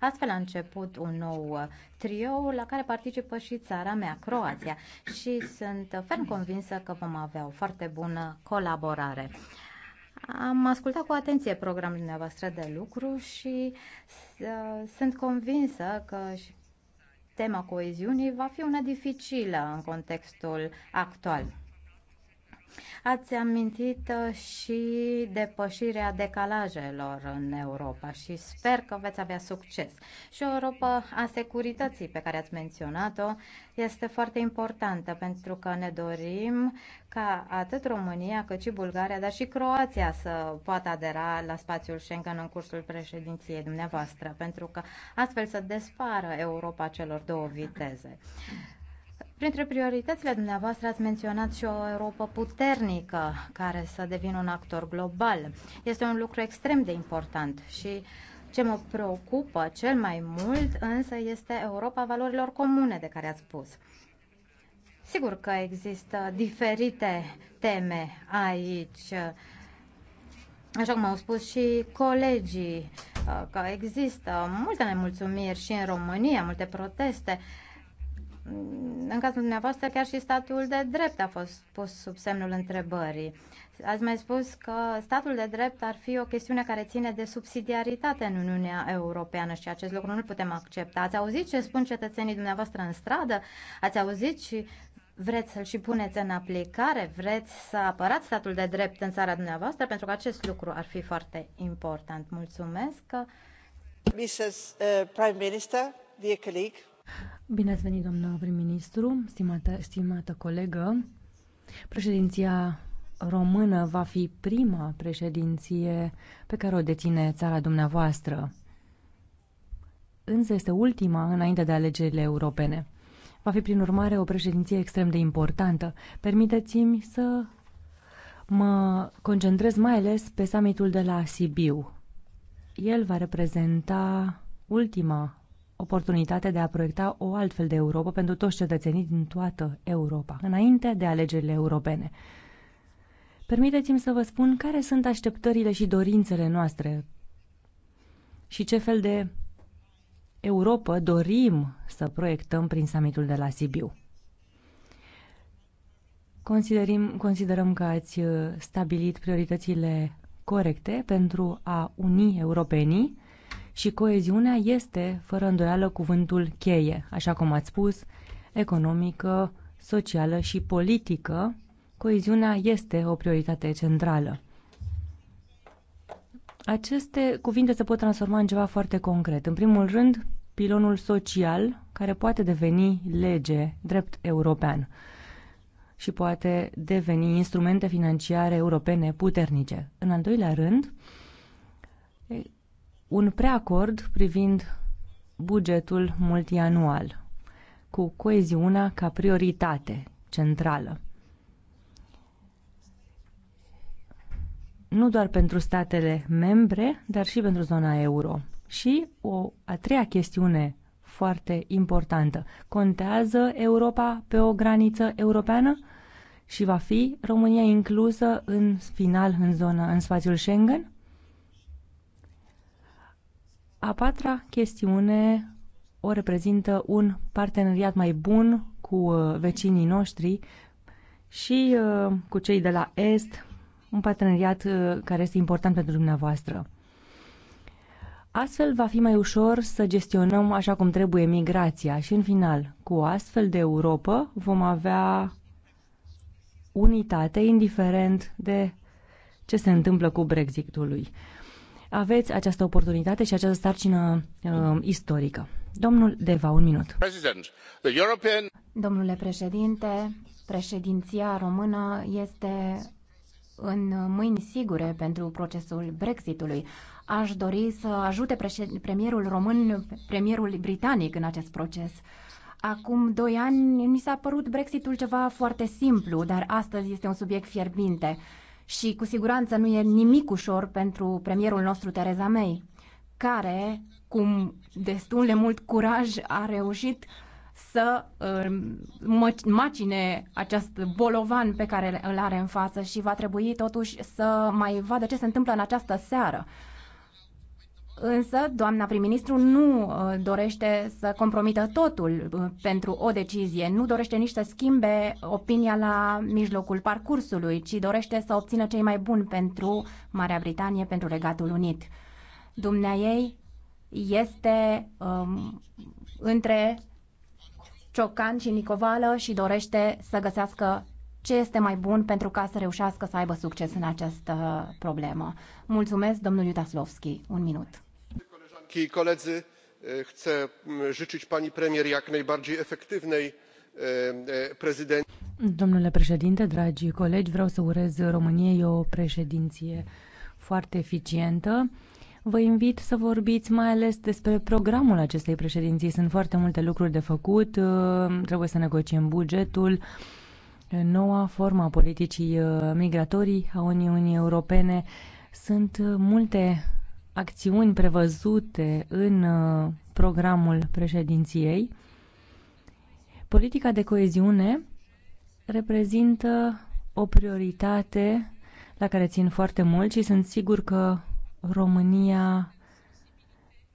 Astfel a început un nou uh, trio la care participă și țara mea, Croația, și sunt ferm convinsă că vom avea o foarte bună colaborare. Am ascultat cu atenție programul dumneavoastră de lucru și uh, sunt convinsă că și tema coeziunii va fi una dificilă în contextul actual. Ați amintit uh, și depășirea decalajelor în Europa și sper că veți avea succes. Și o Europa a securității pe care ați menționat-o este foarte importantă pentru că ne dorim ca atât România cât și Bulgaria, dar și Croația să poată adera la spațiul Schengen în cursul președinției dumneavoastră, pentru că astfel să despară Europa celor două viteze. Printre prioritățile dumneavoastră ați menționat și o Europa puternică care să devină un actor global. Este un lucru extrem de important și ce mă preocupă cel mai mult însă este Europa valorilor comune de care ați spus. Sigur că există diferite teme aici, așa cum au spus și colegii, uh, că există multe nemulțumiri și în România, multe proteste, în cazul dumneavoastră, chiar și statul de drept a fost pus sub semnul întrebării. Ați mai spus că statul de drept ar fi o chestiune care ține de subsidiaritate în Uniunea Europeană și acest lucru nu-l putem accepta. Ați auzit ce spun cetățenii dumneavoastră în stradă? Ați auzit și vreți să-l și puneți în aplicare? Vreți să apărați statul de drept în țara dumneavoastră? Pentru că acest lucru ar fi foarte important. Mulțumesc! Mrs. Prime Minister, dear colleague, Bine ați venit, doamnă prim-ministru, stimată, stimată colegă. Președinția română va fi prima președinție pe care o deține țara dumneavoastră. Însă este ultima înainte de alegerile europene. Va fi, prin urmare, o președinție extrem de importantă. Permiteți-mi să mă concentrez mai ales pe summitul de la Sibiu. El va reprezenta ultima oportunitatea de a proiecta o altfel de Europa pentru toți cetățenii din toată Europa, înainte de alegerile europene. Permiteți-mi să vă spun care sunt așteptările și dorințele noastre și ce fel de Europa dorim să proiectăm prin summitul de la Sibiu. Considerim, considerăm că ați uh, stabilit prioritățile corecte pentru a uni europenii și coeziunea este, fără îndoială, cuvântul cheie, așa cum ați spus, economică, socială și politică, coeziunea este o prioritate centrală. Aceste cuvinte se pot transforma în ceva foarte concret. În primul rând, pilonul social, care poate deveni lege, drept european și poate deveni instrumente financiare europene puternice. În al doilea rând, un preacord privind bugetul multianual, cu coeziunea ca prioritate centrală. Nu doar pentru statele membre, dar și pentru zona euro. Și o a treia chestiune foarte importantă. Contează Europa pe o graniță europeană? și va fi România inclusă în final în zona, în spațiul Schengen? A patra chestiune o reprezintă un parteneriat mai bun cu uh, vecinii noștri și uh, cu cei de la Est, un parteneriat uh, care este important pentru dumneavoastră. Astfel va fi mai ușor să gestionăm așa cum trebuie migrația și în final, cu o astfel de Europa vom avea unitate indiferent de ce se întâmplă cu Brexitului. Aveți această oportunitate și această sarcină uh, istorică. Domnul Deva, un minut. European... Domnule președinte, președinția română este în mâini sigure pentru procesul Brexitului. Aș dori să ajute premierul român, premierul britanic în acest proces. Acum doi ani mi s-a părut Brexitul ceva foarte simplu, dar astăzi este un subiect fierbinte și cu siguranță nu e nimic ușor pentru premierul nostru Tereza May, care, cu destul de mult curaj, a reușit să uh, macine acest bolovan pe care îl are în față și va trebui totuși să mai vadă ce se întâmplă în această seară. Însă, doamna prim-ministru nu uh, dorește să compromită totul uh, pentru o decizie, nu dorește nici să schimbe opinia la mijlocul parcursului, ci dorește să obțină cei mai buni pentru Marea Britanie, pentru Regatul Unit. Dumnea ei este um, între Ciocan și Nicovală și dorește să găsească ce este mai bun pentru ca să reușească să aibă succes în această problemă. Mulțumesc, domnul Iutaslovski. Un minut chcę życzyć pani premier jak najbardziej efektywnej prezydencji. domnule președinte dragi colegi vreau să urez româniei o președinție foarte eficientă. Vă invit să vorbiți mai ales despre programul acestei președinții. Sunt foarte multe lucruri de făcut, trebuie să negociem bugetul, noua formă a politicii migratorii a Uniunii Europene. Sunt multe acțiuni prevăzute în uh, programul președinției, politica de coeziune reprezintă o prioritate la care țin foarte mult și sunt sigur că România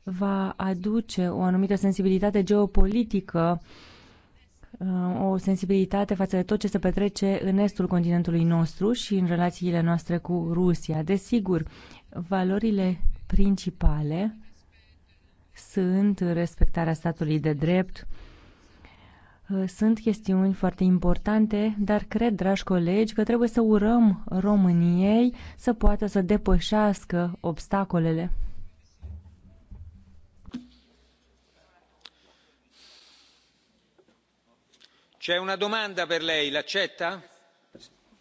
va aduce o anumită sensibilitate geopolitică, uh, o sensibilitate față de tot ce se petrece în estul continentului nostru și în relațiile noastre cu Rusia. Desigur, valorile principale sunt respectarea statului de drept, uh, sunt chestiuni foarte importante, dar cred, dragi colegi, că trebuie să urăm României să poată să depășească obstacolele. C'è una domanda per lei, l'accetta?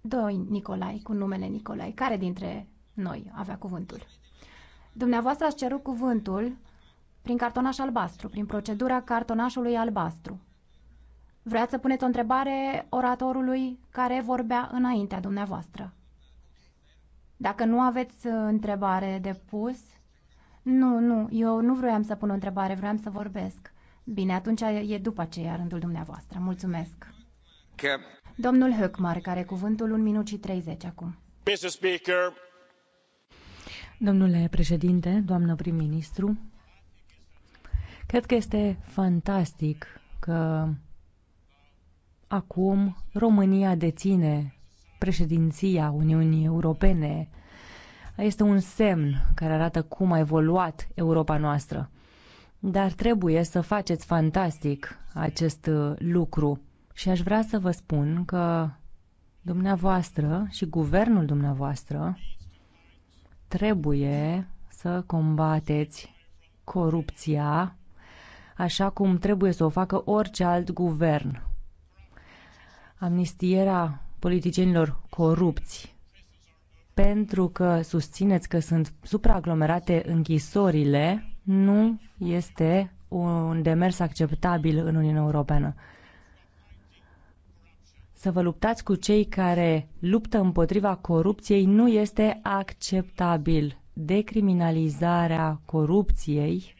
Doi Nicolai, cu numele Nicolai. Care dintre noi avea cuvântul? Dumneavoastră ați cerut cuvântul prin cartonaș albastru, prin procedura cartonașului albastru. Vreați să puneți o întrebare oratorului care vorbea înaintea dumneavoastră. Dacă nu aveți uh, întrebare de pus, nu, nu, eu nu vroiam să pun o întrebare, vroiam să vorbesc. Bine, atunci e după aceea rândul dumneavoastră. Mulțumesc. Că Domnul Höckmark are cuvântul 1 minut și 30 acum. Domnule președinte, doamnă prim-ministru, cred că este fantastic că acum România deține președinția Uniunii Europene. Este un semn care arată cum a evoluat Europa noastră. Dar trebuie să faceți fantastic acest lucru. Și aș vrea să vă spun că dumneavoastră și guvernul dumneavoastră trebuie să combateți corupția așa cum trebuie să o facă orice alt guvern. Amnistierea politicienilor corupți pentru că susțineți că sunt supraaglomerate închisorile nu este un demers acceptabil în Uniunea Europeană să vă luptați cu cei care luptă împotriva corupției nu este acceptabil. Decriminalizarea corupției,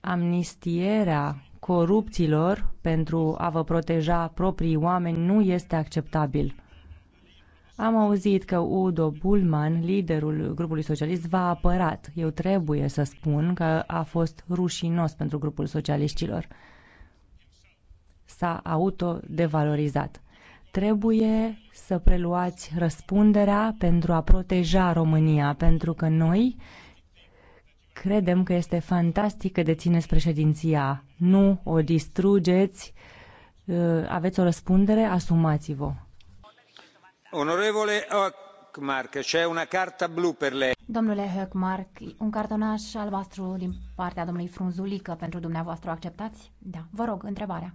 amnistierea corupților pentru a vă proteja proprii oameni nu este acceptabil. Am auzit că Udo Bullman, liderul grupului socialist, v-a apărat. Eu trebuie să spun că a fost rușinos pentru grupul socialiștilor s-a autodevalorizat. Trebuie să preluați răspunderea pentru a proteja România, pentru că noi credem că este fantastic că dețineți președinția. Nu o distrugeți, uh, aveți o răspundere, asumați-vă. Onorevole Hökmark, c'è una carta blu per lei. Domnule Hökmark, un cartonaș albastru din partea domnului Frunzulică pentru dumneavoastră. acceptați? Da. Vă rog, întrebarea.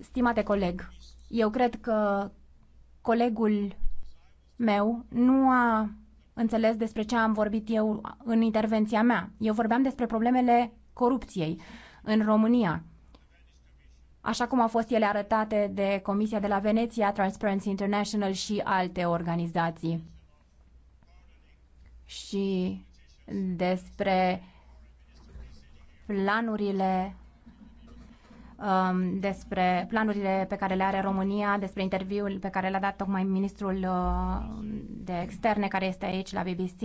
Stimate coleg, eu cred că colegul meu nu a înțeles despre ce am vorbit eu în intervenția mea. Eu vorbeam despre problemele corupției în România, așa cum au fost ele arătate de Comisia de la Veneția, Transparency International și alte organizații. Și despre planurile um, despre planurile pe care le are România, despre interviul pe care l-a dat tocmai ministrul uh, de externe care este aici la BBC.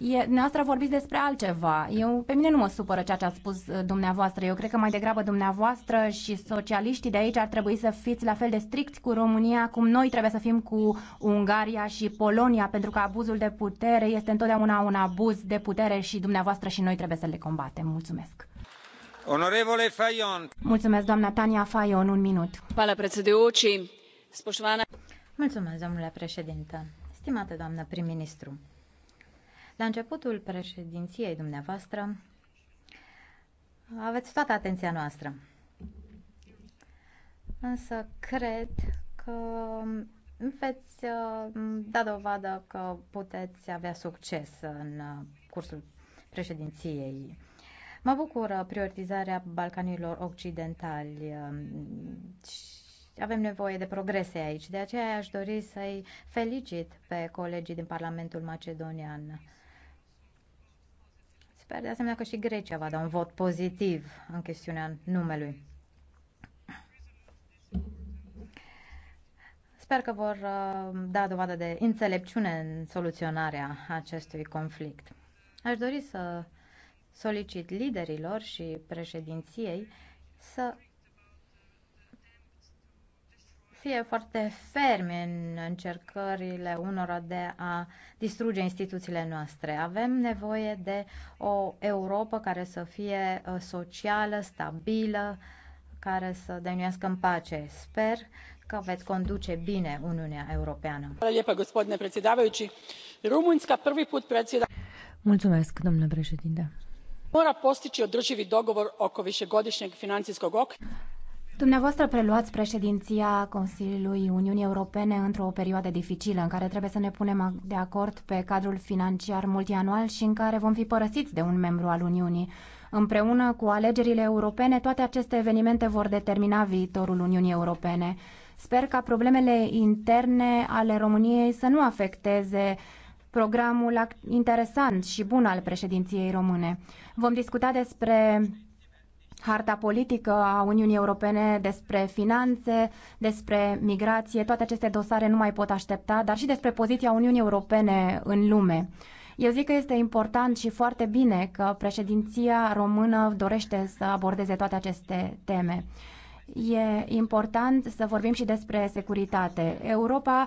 E, dumneavoastră vorbiți despre altceva. Eu, pe mine nu mă supără ceea ce a spus uh, dumneavoastră. Eu cred că mai degrabă dumneavoastră și socialiștii de aici ar trebui să fiți la fel de stricți cu România cum noi trebuie să fim cu Ungaria și Polonia, pentru că abuzul de putere este întotdeauna un abuz de putere și dumneavoastră și noi trebuie să le combatem. Mulțumesc! Mulțumesc, un minut. Mulțumesc, domnule președinte. Stimată doamnă prim-ministru, la începutul președinției dumneavoastră, aveți toată atenția noastră. Însă cred că veți uh, da dovadă că puteți avea succes în uh, cursul președinției Mă bucură uh, prioritizarea Balcanilor Occidentali. Um, avem nevoie de progrese aici, de aceea aș dori să-i felicit pe colegii din Parlamentul Macedonian. Sper de asemenea că și Grecia va da un vot pozitiv în chestiunea numelui. Sper că vor uh, da dovadă de înțelepciune în soluționarea acestui conflict. Aș dori să solicit liderilor și președinției să fie foarte fermi în încercările unora de a distruge instituțiile noastre. Avem nevoie de o Europa care să fie uh, socială, stabilă, care să denuiască în pace. Sper că veți conduce bine Uniunea Europeană. Mulțumesc, domnule președinte mora postići održivi dogovor oko višegodišnjeg financijskog okvira. Dumneavoastră preluați președinția Consiliului Uniunii Europene într-o perioadă dificilă în care trebuie să ne punem de acord pe cadrul financiar multianual și în care vom fi părăsiți de un membru al Uniunii. Împreună cu alegerile europene, toate aceste evenimente vor determina viitorul Uniunii Europene. Sper ca problemele interne ale României să nu afecteze programul interesant și bun al președinției române. Vom discuta despre harta politică a Uniunii Europene, despre finanțe, despre migrație, toate aceste dosare nu mai pot aștepta, dar și despre poziția Uniunii Europene în lume. Eu zic că este important și foarte bine că președinția română dorește să abordeze toate aceste teme. E important să vorbim și despre securitate. Europa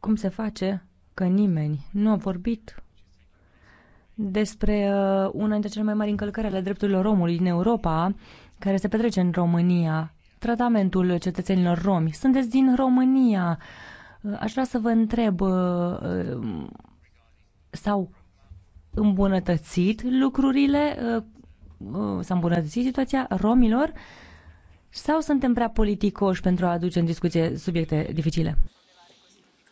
cum se face că nimeni nu a vorbit despre uh, una dintre cele mai mari încălcări ale drepturilor omului din Europa, care se petrece în România, tratamentul cetățenilor romi. Sunteți din România. Uh, aș vrea să vă întreb, uh, s-au îmbunătățit lucrurile, s-a îmbunătățit situația romilor sau suntem prea politicoși pentru a aduce în discuție subiecte dificile?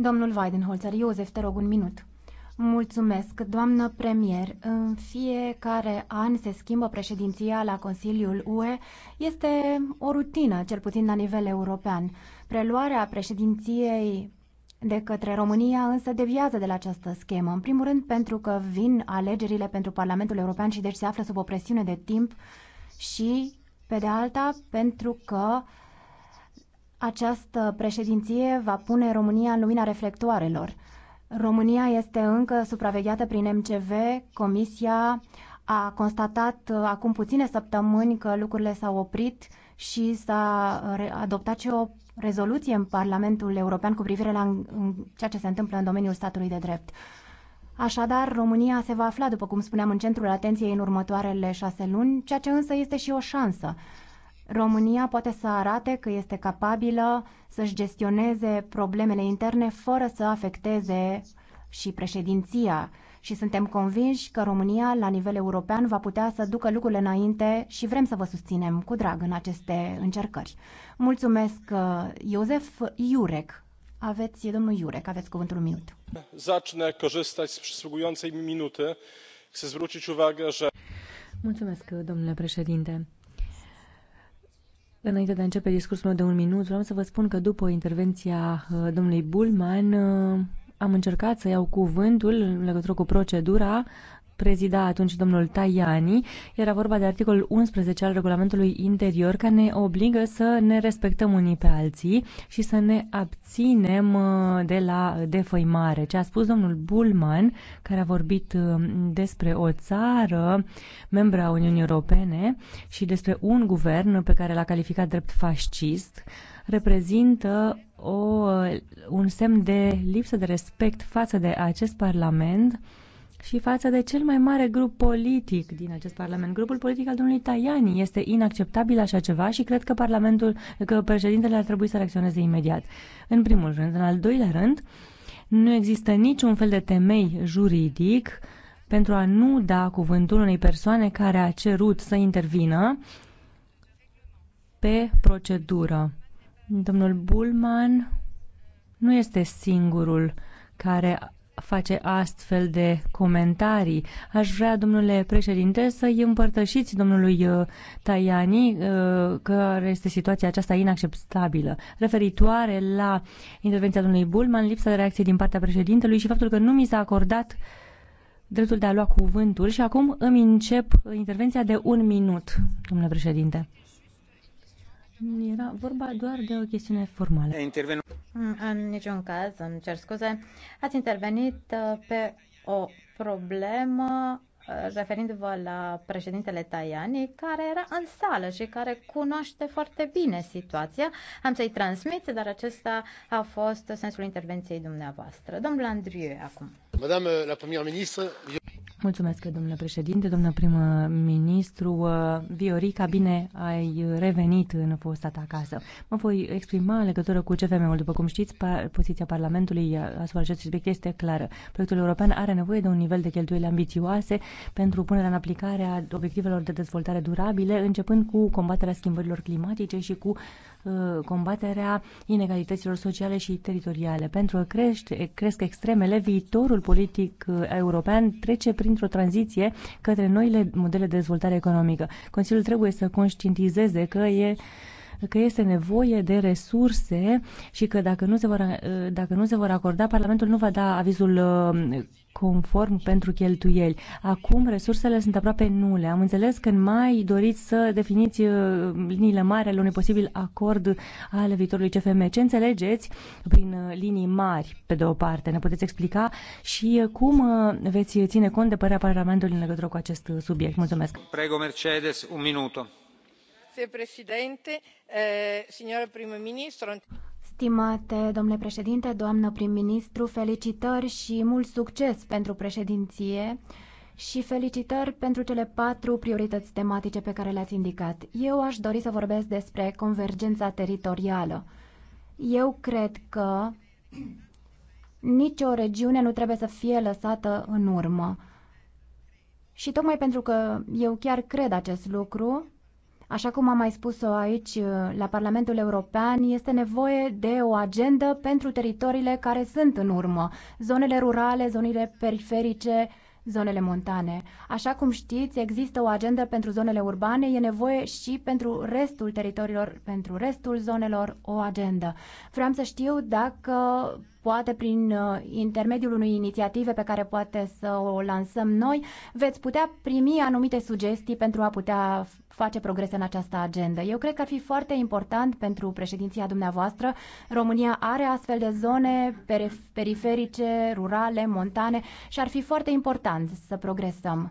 Domnul Weidenholzer, Iosef, te rog un minut. Mulțumesc, doamnă premier. În fiecare an se schimbă președinția la Consiliul UE. Este o rutină, cel puțin la nivel european. Preluarea președinției de către România însă deviază de la această schemă. În primul rând pentru că vin alegerile pentru Parlamentul European și deci se află sub o presiune de timp și, pe de alta, pentru că uh, această președinție va pune România în lumina reflectoarelor. România este încă supravegheată prin MCV. Comisia a constatat uh, acum puține săptămâni că lucrurile s-au oprit și s-a uh, adoptat și o rezoluție în Parlamentul European cu privire la ceea ce se întâmplă în domeniul statului de drept. Așadar, România se va afla, după cum spuneam, în centrul atenției în următoarele șase luni, ceea ce însă este și o șansă. România poate să arate că este capabilă să-și gestioneze problemele interne fără să afecteze și președinția și suntem convinși că România, la nivel european, va putea să ducă lucrurile înainte și vrem să vă susținem cu drag în aceste încercări. Mulțumesc, uh, Iosef Iurec. Aveți, domnul Iurec, aveți cuvântul un minut. Zacne corzystać z przysługującej minuty. Chcę zwrócić uwagę, że... Mulțumesc, domnule președinte. Înainte de a începe discursul meu de un minut, vreau să vă spun că după intervenția uh, domnului Bulman uh, am încercat să iau cuvântul în legătură cu procedura, prezida atunci domnul Tajani. Era vorba de articolul 11 al regulamentului interior care ne obligă să ne respectăm unii pe alții și să ne abținem uh, de la defăimare. Ce a spus domnul Bulman, care a vorbit uh, despre o țară membra Uniunii Europene și despre un guvern pe care l-a calificat drept fascist, reprezintă o, uh, un semn de lipsă de respect față de acest parlament și față de cel mai mare grup politic din acest Parlament. Grupul politic al domnului Tajani este inacceptabil așa ceva și cred că Parlamentul, că președintele ar trebui să reacționeze imediat. În primul rând. În al doilea rând, nu există niciun fel de temei juridic pentru a nu da cuvântul unei persoane care a cerut să intervină pe procedură. Domnul Bulman nu este singurul care face astfel de comentarii. Aș vrea, domnule președinte, să-i împărtășiți domnului uh, Tajani uh, că este situația aceasta inacceptabilă, referitoare la intervenția domnului Bulman, lipsa de reacție din partea președintelui și faptul că nu mi s-a acordat dreptul de a lua cuvântul și acum îmi încep intervenția de un minut, domnule președinte. Era vorba doar de o chestiune formală. Interven... Mm, în niciun caz, îmi cer scuze. Ați intervenit uh, pe o problemă uh, referindu-vă la președintele Tajani, care era în sală și care cunoaște foarte bine situația. Am să-i transmit, dar acesta a fost sensul intervenției dumneavoastră. Domnul Andrieu, acum. Madame la première ministre, Mulțumesc, domnule președinte, domnule prim-ministru. Uh, uh, Viorica, bine ai revenit în fosta ta acasă. Mă voi exprima în legătură cu CFM-ul. După cum știți, poziția Parlamentului uh, asupra acestui subiect este clară. Proiectul european are nevoie de un nivel de cheltuieli ambițioase pentru punerea în aplicare a obiectivelor de dezvoltare durabile, începând cu combaterea schimbărilor climatice și cu combaterea inegalităților sociale și teritoriale. Pentru crește cresc extremele, viitorul politic european trece prin printr-o tranziție către noile modele de dezvoltare economică. Consiliul trebuie să conștientizeze că e că este nevoie de resurse și că dacă nu se vor, uh, dacă nu se vor acorda, Parlamentul nu va da avizul uh, conform pentru cheltuieli. Acum resursele sunt aproape nule. Am înțeles că în mai doriți să definiți uh, liniile mari ale unui posibil acord ale viitorului CFM. Ce înțelegeți prin linii mari, pe de o parte? Ne puteți explica și cum veți ține cont de părerea Parlamentului în legătură cu acest subiect? Mulțumesc. Prego, Mercedes, un minut. Eh, Stimate domnule președinte, doamnă prim-ministru, felicitări și mult succes pentru președinție și felicitări pentru cele patru priorități tematice pe care le-ați indicat. Eu aș dori să vorbesc despre convergența teritorială. Eu cred că nicio regiune nu trebuie să fie lăsată în urmă. Și tocmai pentru că eu chiar cred acest lucru, Așa cum am mai spus-o aici uh, la Parlamentul European, este nevoie de o agendă pentru teritoriile care sunt în urmă, zonele rurale, zonele periferice, zonele montane. Așa cum știți, există o agendă pentru zonele urbane, e nevoie și pentru restul teritoriilor, pentru restul zonelor, o agendă. Vreau să știu dacă poate prin uh, intermediul unei inițiative pe care poate să o lansăm noi, veți putea primi anumite sugestii pentru a putea face progres în această agendă. Eu cred că ar fi foarte important pentru președinția dumneavoastră. România are astfel de zone periferice, rurale, montane și ar fi foarte important să progresăm.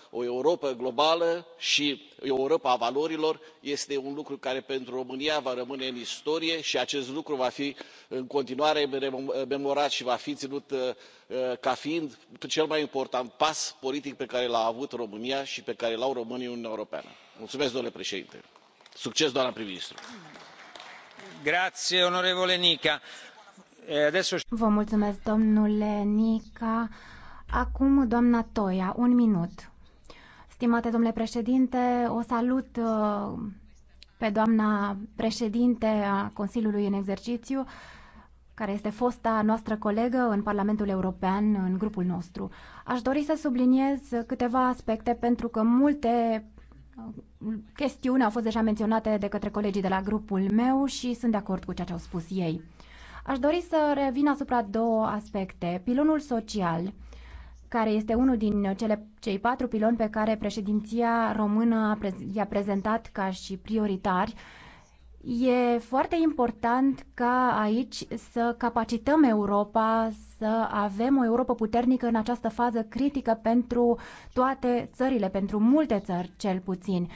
o europă globală și o europă a valorilor este un lucru care pentru românia va rămâne în istorie și acest lucru va fi în continuare memorat și va fi ținut uh, uh, ca fiind cel mai important pas politic pe care l a avut românia și pe care l au românii în uniunea europeană. mulțumesc domnule președinte. succes doamnă prim ministru! vă mulțumesc domnule nica. acum toia un minut. Stimate domnule președinte, o salut uh, pe doamna președinte a Consiliului în exercițiu, care este fosta noastră colegă în Parlamentul European, în grupul nostru. Aș dori să subliniez câteva aspecte, pentru că multe uh, chestiuni au fost deja menționate de către colegii de la grupul meu și sunt de acord cu ceea ce au spus ei. Aș dori să revin asupra două aspecte. Pilonul social care este unul din uh, cele, cei patru piloni pe care președinția română i-a prezentat ca și prioritari. E foarte important ca aici să capacităm Europa, să avem o Europa puternică în această fază critică pentru toate țările, pentru multe țări cel puțin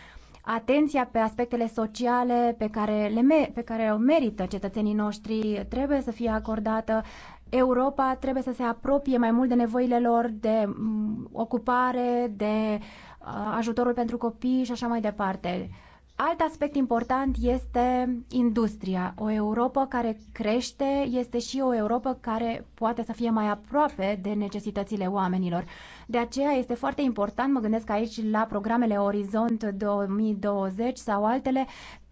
atenția pe aspectele sociale pe care, le, pe care o merită cetățenii noștri trebuie să fie acordată, Europa trebuie să se apropie mai mult de nevoile lor, de mm, ocupare, de uh, ajutorul pentru copii și așa mai departe. Alt aspect important este industria. O Europa care crește este și o Europa care poate să fie mai aproape de necesitățile oamenilor. De aceea este foarte important, mă gândesc aici la programele Orizont 2020 sau altele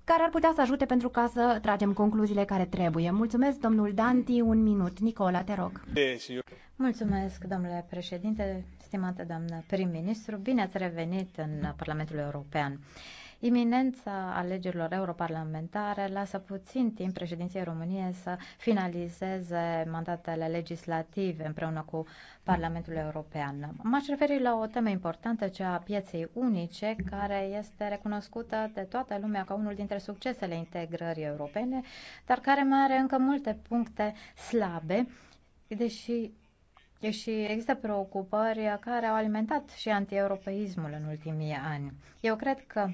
care ar putea să ajute pentru ca să tragem concluziile care trebuie. Mulțumesc, domnul Danti, un minut. Nicola, te rog. Mulțumesc, domnule președinte, stimată doamnă prim-ministru, bine ați revenit în Parlamentul European. Iminența alegerilor europarlamentare lasă puțin timp președinției României să finalizeze mandatele legislative împreună cu Parlamentul European. M-aș referi la o temă importantă, cea a pieței unice, care este recunoscută de toată lumea ca unul dintre succesele integrării europene, dar care mai are încă multe puncte slabe, deși și există preocupări care au alimentat și antieuropeismul în ultimii ani. Eu cred că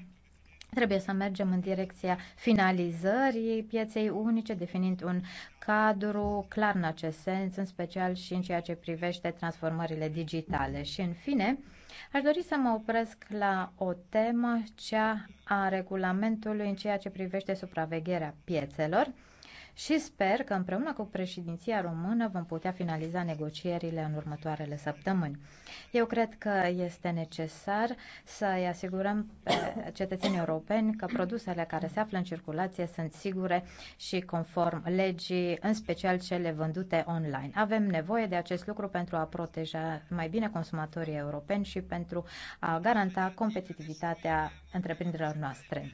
Trebuie să mergem în direcția finalizării pieței unice, definind un cadru clar în acest sens, în special și în ceea ce privește transformările digitale. Și, în fine, aș dori să mă opresc la o temă, cea a regulamentului în ceea ce privește supravegherea piețelor și sper că împreună cu președinția română vom putea finaliza negocierile în următoarele săptămâni. Eu cred că este necesar să îi asigurăm eh, cetățenii europeni că produsele care se află în circulație sunt sigure și conform legii, în special cele vândute online. Avem nevoie de acest lucru pentru a proteja mai bine consumatorii europeni și pentru a garanta competitivitatea întreprinderilor noastre.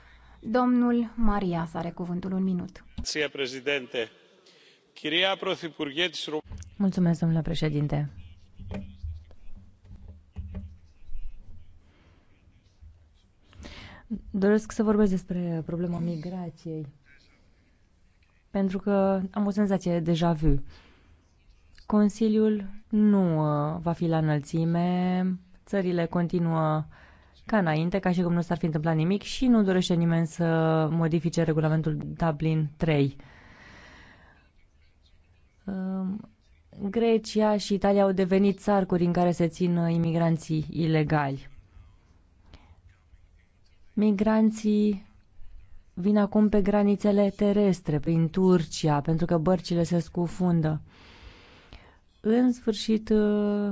Domnul Maria are cuvântul un minut. Mulțumesc, domnule președinte. Doresc să vorbesc despre problema migrației. Pentru că am o senzație deja vu. Consiliul nu uh, va fi la înălțime, țările continuă uh, ca înainte, ca și cum nu s-ar fi întâmplat nimic și nu dorește nimeni să modifice regulamentul Dublin 3. Grecia și Italia au devenit țarcuri în care se țin uh, imigranții ilegali. Migranții vin acum pe granițele terestre, prin Turcia, pentru că bărcile se scufundă. În sfârșit, uh,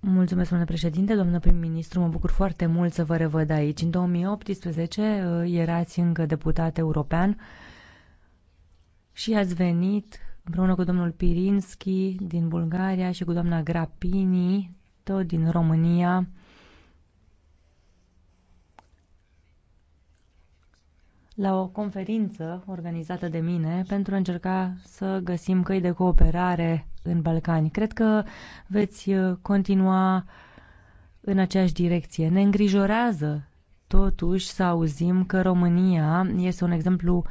Mulțumesc, domnule președinte, domnule prim-ministru, mă bucur foarte mult să vă revăd aici. În 2018 uh, erați încă deputat european și ați venit împreună cu domnul Pirinski din Bulgaria și cu doamna Grapini, tot din România, la o conferință organizată de mine pentru a încerca să găsim căi de cooperare în Balcani. Cred că veți uh, continua în aceeași direcție. Ne îngrijorează totuși să auzim că România este un exemplu uh,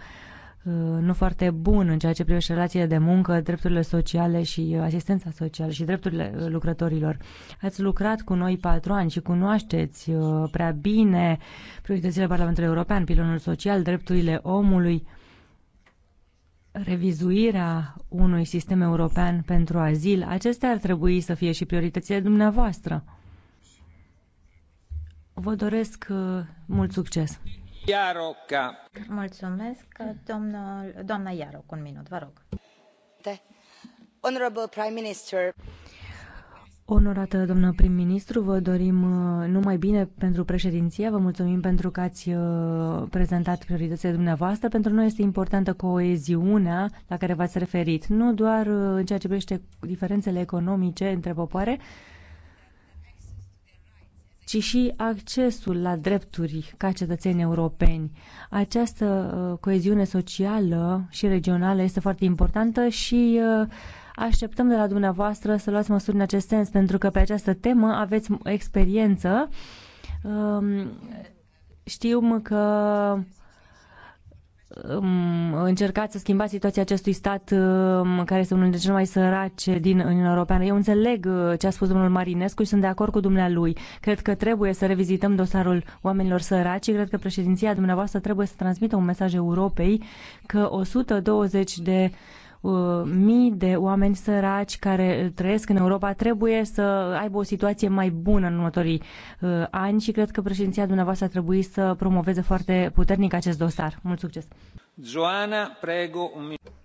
Uh, nu foarte bun în ceea ce privește relațiile de muncă, drepturile sociale și uh, asistența socială și drepturile uh, lucrătorilor. Ați lucrat cu noi patru ani și cunoașteți prea bine prioritățile Parlamentului European, pilonul social, drepturile omului, revizuirea unui sistem european pentru azil. Acestea ar trebui să fie și prioritățile dumneavoastră. Vă doresc mult succes! Iaroca. Mulțumesc, Onorată doamnă prim-ministru, vă dorim uh, numai bine pentru președinție, vă mulțumim pentru că ați uh, prezentat prioritățile dumneavoastră. Pentru noi este importantă coeziunea la care v-ați referit, nu doar uh, în ceea ce privește diferențele economice între popoare, ci și accesul la drepturi ca cetățeni europeni. Această uh, coeziune socială și regională este foarte importantă și uh, așteptăm de la dumneavoastră să luați măsuri în acest sens, pentru că pe această temă aveți experiență. Um, Știu că Um, încercați să schimbați situația acestui stat um, care este unul dintre cele mai sărace din Uniunea Europeană. Eu înțeleg uh, ce a spus domnul Marinescu și sunt de acord cu dumnealui. Cred că trebuie să revizităm dosarul oamenilor săraci. Cred că președinția dumneavoastră trebuie să transmită un mesaj Europei că 120 de Uh, mii de oameni săraci care trăiesc în Europa trebuie să aibă o situație mai bună în următorii uh, ani și cred că președinția dumneavoastră trebuie să promoveze foarte puternic acest dosar. Mult succes! Joana, prego un minut.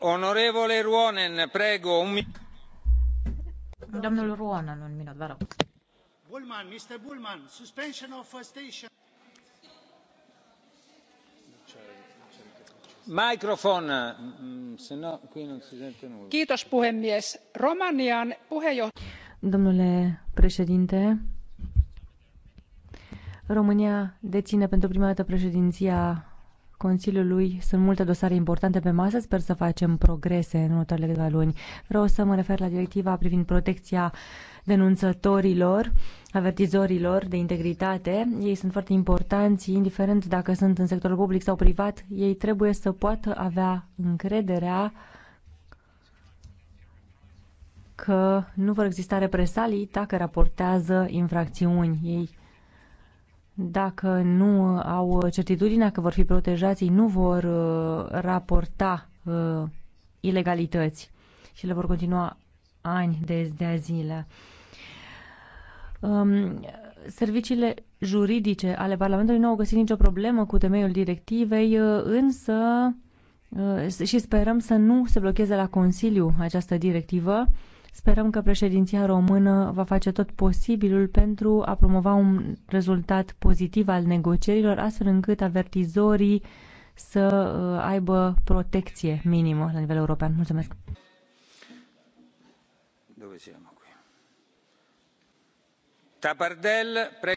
domnule Ruonen, românia deține pentru prima Ruonen, președinția minut, vă rog. Bullman, Mr. Bullman, suspension of a station. Kiitos puhemies. Domnule președinte, România deține Consiliului sunt multe dosare importante pe masă, sper să facem progrese în următoarele câteva luni. Vreau să mă refer la directiva privind protecția denunțătorilor, avertizorilor de integritate. Ei sunt foarte importanți, indiferent dacă sunt în sectorul public sau privat, ei trebuie să poată avea încrederea că nu vor exista represalii dacă raportează infracțiuni. Ei dacă nu au certitudinea că vor fi protejați, nu vor uh, raporta uh, ilegalități și le vor continua ani de, de zile. Um, serviciile juridice ale Parlamentului nu au găsit nicio problemă cu temeiul directivei, uh, însă și sperăm să nu se blocheze la Consiliu această directivă Sperăm că președinția română va face tot posibilul pentru a promova un rezultat pozitiv al negocierilor, astfel încât avertizorii să uh, aibă protecție minimă la nivel european. Mulțumesc! Tabardel, pre-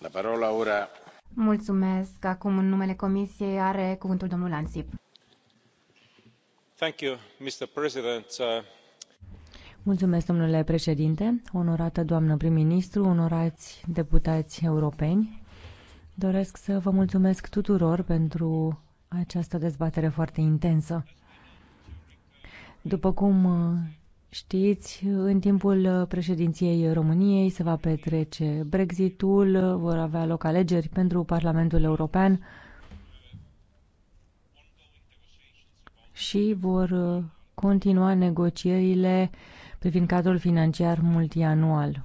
La parola ora. Mulțumesc. Acum, în numele Comisiei, are cuvântul domnul Ansip. Thank you, Mr. President. Mulțumesc, domnule președinte, onorată doamnă prim-ministru, onorați deputați europeni. Doresc să vă mulțumesc tuturor pentru această dezbatere foarte intensă. După cum știți, în timpul președinției României se va petrece Brexitul, vor avea loc alegeri pentru Parlamentul European și vor continua negocierile privind cadrul financiar multianual.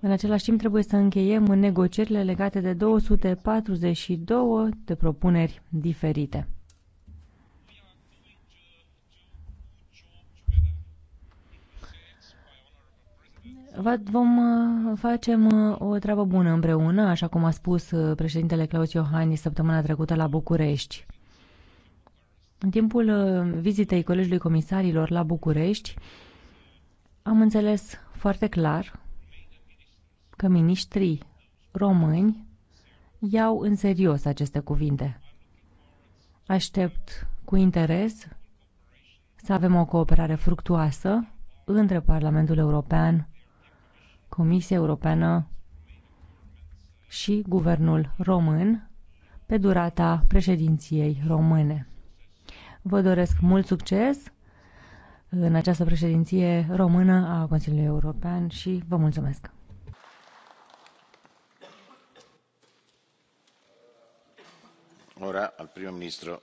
În același timp trebuie să încheiem în negocierile legate de 242 de propuneri diferite. Vom uh, facem uh, o treabă bună împreună, așa cum a spus uh, președintele Claus Iohannis săptămâna trecută la București. În timpul vizitei Colegiului Comisarilor la București, am înțeles foarte clar că miniștrii români iau în serios aceste cuvinte. Aștept cu interes să avem o cooperare fructuoasă între Parlamentul European Comisia Europeană și Guvernul Român pe durata președinției române. Vă doresc mult succes în această președinție română a Consiliului European și vă mulțumesc! Ora al prim ministru